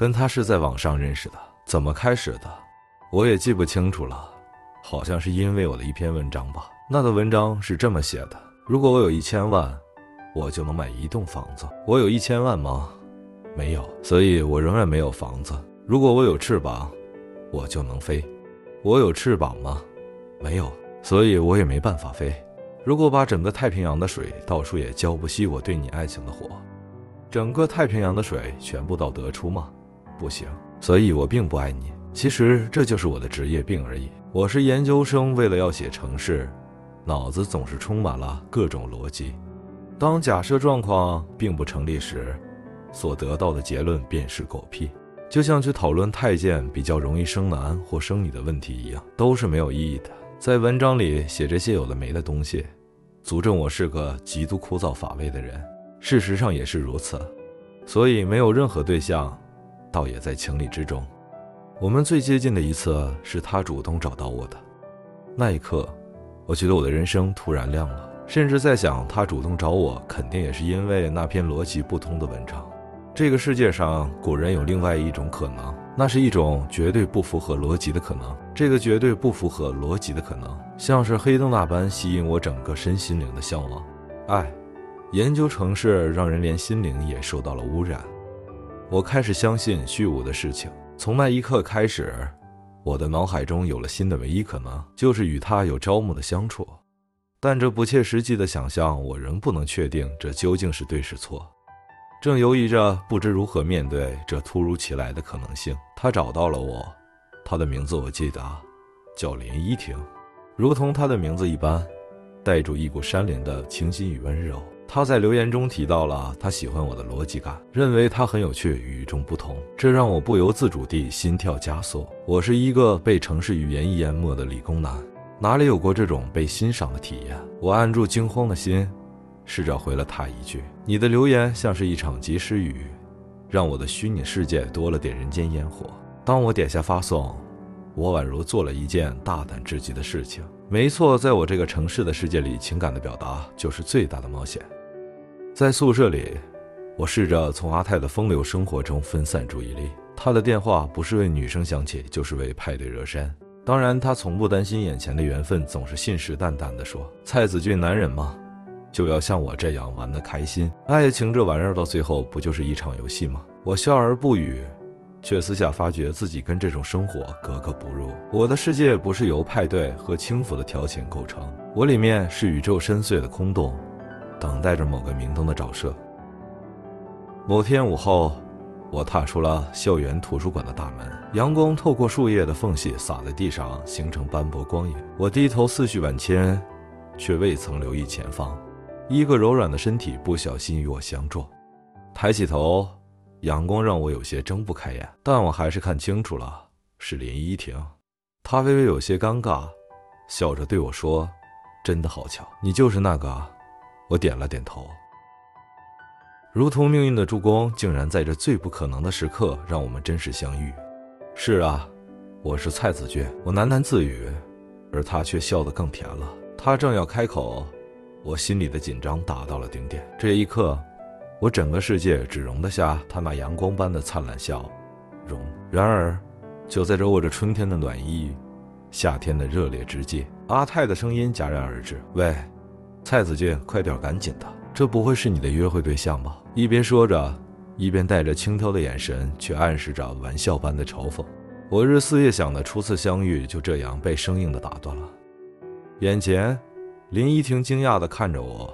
跟他是在網上認識的，怎麼開始的，我也記不清楚了，好像是因為我的一篇文章吧。那個文章是這麼寫的：如果我有一千萬，我就能買一棟房子。我有一千萬嗎？沒有，所以我仍然沒有房子。如果我有翅膀，我就能飛。我有翅膀嗎？沒有，所以我也沒辦法飛。如果把整個太平洋的水倒出，也澆不熄我對你愛情的火。整個太平洋的水全部倒得出嗎？不行，所以我並不愛你。其實這就是我的職業病而已。我是研究生，為了要寫程式，腦子總是充滿了各種邏輯。當假設狀況並不成立時，所得到的結論便是狗屁。就像去討論太監比較容易生男或生女的問題一樣，都是沒有意義的。在文章裡寫這些有的沒的東西，足證我是個極度枯燥乏味的人。事實上也是如此，所以沒有任何對象。倒也在情理之中。我們最接近的一次是他主動找到我的，那一刻，我覺得我的人生突然亮了。甚至在想，他主動找我，肯定也是因為那篇邏輯不通的文章。這個世界上，果然有另外一種可能，那是一種絕對不符合邏輯的可能。這個絕對不符合邏輯的可能，像是黑洞那般吸引我整個身心靈的向往。哎，研究城市，讓人連心靈也受到了污染。我開始相信虛無的事情，從那一刻開始，我的腦海中有了新的唯一可能，就是與他有朝暮的相處。但這不切實際的想象，我仍不能確定這究竟是對是錯。正猶豫着，不知如何面對這突如其來的可能性。他找到了我，他的名字我記得，叫林依婷，如同他的名字一般，帶住一股山林的清新與溫柔。他在留言中提到了他喜歡我的邏輯感，認為他很有趣、與眾不同，這讓我不由自主地心跳加速。我是一個被城市語言一淹沒的理工男，哪裡有過這種被欣賞的體驗？我按住驚慌的心，試着回了他一句：“你的留言像是一場及時雨，讓我的虛擬世界多了點人間煙火。”當我點下發送，我宛如做了一件大膽至極的事情。沒錯，在我這個城市的世界裡，情感的表達就是最大的冒險。在宿舍裡，我試着從阿泰的風流生活中分散注意力。他的電話不是為女生響起，就是為派對熱身。當然，他從不擔心眼前的緣分，總是信誓旦旦地說：“蔡子俊男人嘛，就要像我這樣玩得開心。”愛情這玩意兒到最後，不就是一場遊戲嗎？我笑而不語，卻私下發覺自己跟這種生活格格不入。我的世界不是由派對和輕浮的調情構成，我裡面是宇宙深邃的空洞。等待着某個明燈的照射。某天午後，我踏出了校園圖書館的大門，陽光透過樹葉的縫隙灑在地上，形成斑駁光影。我低頭，思緒萬千，卻未曾留意前方。一個柔軟的身體不小心與我相撞，抬起頭，陽光讓我有些睜不開眼，但我還是看清楚了，是林依婷。她微微有些尷尬，笑着對我說：“真的好巧，你就是那個。”我點了點頭，如同命運的助攻，竟然在這最不可能的時刻讓我們真實相遇。是啊，我是蔡子俊，我喃喃自語，而他卻笑得更甜了。他正要開口，我心裡的緊張達到了頂點。這一刻，我整個世界只容得下他那陽光般的燦爛笑容。然而，就在這握着春天的暖意、夏天的熱烈之際，阿泰的聲音戛然而止：“喂。”蔡子俊，快點，趕緊的！這不會是你的約會對象吧？一邊說着，一邊帶着輕佻的眼神，去暗示着玩笑般的嘲諷。我日思夜想的初次相遇，就這樣被生硬的打斷了。眼前，林依婷驚訝的看着我，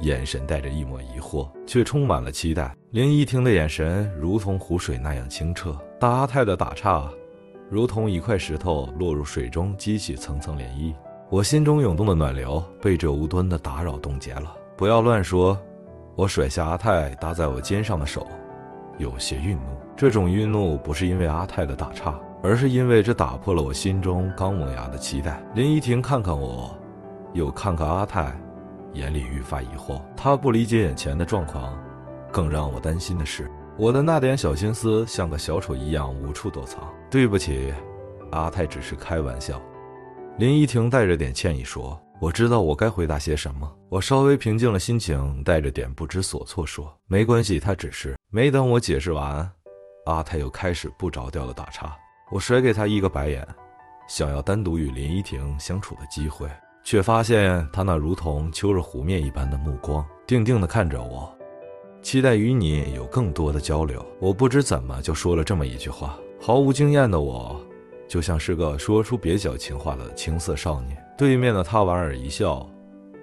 眼神帶着一抹疑惑，卻充滿了期待。林依婷的眼神如同湖水那樣清澈，但阿泰的打岔，如同一塊石頭落入水中，激起層層漣漪。我心中湧動的暖流被這無端的打擾凍結了。不要亂說，我甩下阿泰搭在我肩上的手，有些慍怒。這種慍怒不是因為阿泰的打岔，而是因為這打破了我心中剛萌芽的期待。林依婷看看我，又看看阿泰，眼裡愈發疑惑。她不理解眼前的狀況，更讓我擔心的是，我的那點小心思像個小丑一樣無處躲藏。對不起，阿泰，只是開玩笑。林依婷帶着點歉意說：“我知道，我該回答些什麼。”我稍微平靜了心情，帶着點不知所措說：“沒關係，他只是……”沒等我解釋完，阿泰又開始不着調的打岔。我甩給他一個白眼，想要單獨與林依婷相處的機會，卻發現他那如同秋日湖面一般的目光，定定的看着我，期待與你有更多的交流。我不知怎麼就說了這麼一句話，毫無經驗的我。就像是個說出蹩腳情話的青澀少年，對面的他莞爾一笑，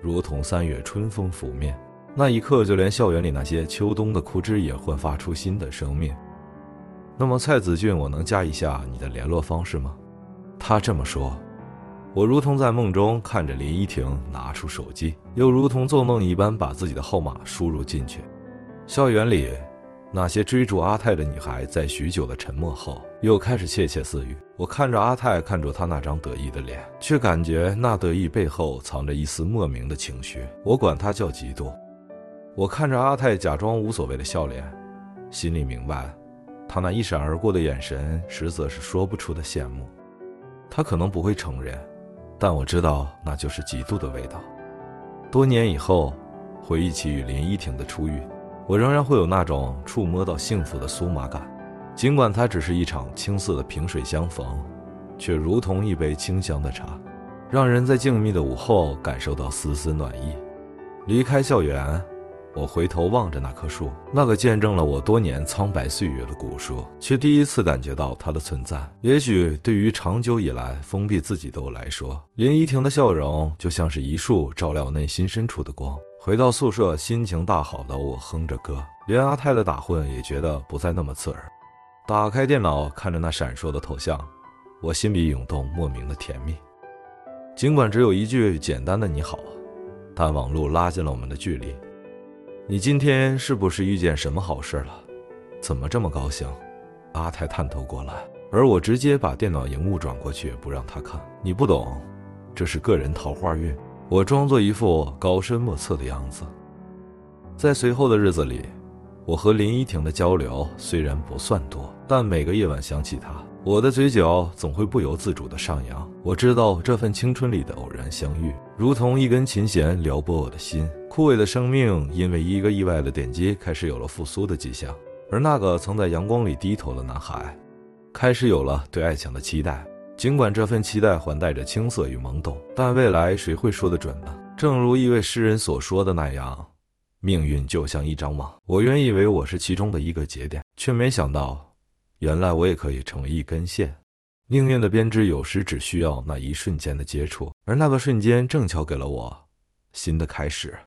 如同三月春風拂面，那一刻就連校園裡那些秋冬的枯枝也煥發出新的生命。那麼蔡子俊，我能加一下你的聯絡方式嗎？他這麼說，我如同在夢中看着林依婷拿出手機，又如同做夢一般把自己的號碼輸入進去。校園裡。那些追逐阿泰的女孩，在許久的沉默後，又開始竊竊私語。我看着阿泰，看着他那張得意的臉，卻感覺那得意背後藏着一絲莫名的情緒。我管他叫嫉妒。我看着阿泰假裝無所謂的笑臉，心裡明白，他那一閃而過的眼神，實則是說不出的羨慕。他可能不會承認，但我知道，那就是嫉妒的味道。多年以後，回憶起與林依婷的初遇。我仍然會有那種觸摸到幸福的酥麻感，儘管它只是一場青澀的萍水相逢，卻如同一杯清香的茶，讓人在靜謐的午後感受到絲絲暖意。離開校園，我回頭望着那棵樹，那個見證了我多年蒼白歲月的古樹，卻第一次感覺到它的存在。也許對於長久以來封閉自己的我來說，林依婷的笑容就像是一束照亮內心深處的光。回到宿舍，心情大好的我哼着歌，連阿泰的打混也覺得不再那麼刺耳。打開電腦，看着那閃爍的頭像，我心底湧動莫名的甜蜜。儘管只有一句簡單的“你好”，但網絡拉近了我們的距離。你今天是不是遇見什麼好事了？怎麼這麼高興？阿泰探頭過來，而我直接把電腦熒幕轉過去，不讓他看。你不懂，這是個人桃花運。我裝作一副高深莫測的樣子，在隨後的日子裡，我和林依婷的交流雖然不算多，但每個夜晚想起她，我的嘴角總會不由自主地上揚。我知道，這份青春裡的偶然相遇，如同一根琴弦撩撥我的心。枯萎的生命因為一個意外的點擊，開始有了復甦的跡象，而那個曾在陽光裡低頭的男孩，開始有了對愛情的期待。儘管這份期待還帶着青澀與懵懂，但未來誰會說得準呢？正如一位詩人所說的那樣，命運就像一張網。我原以為我是其中的一個節點，卻沒想到，原來我也可以成為一根線。命運的編織有時只需要那一瞬間的接觸，而那個瞬間正巧給了我新的開始。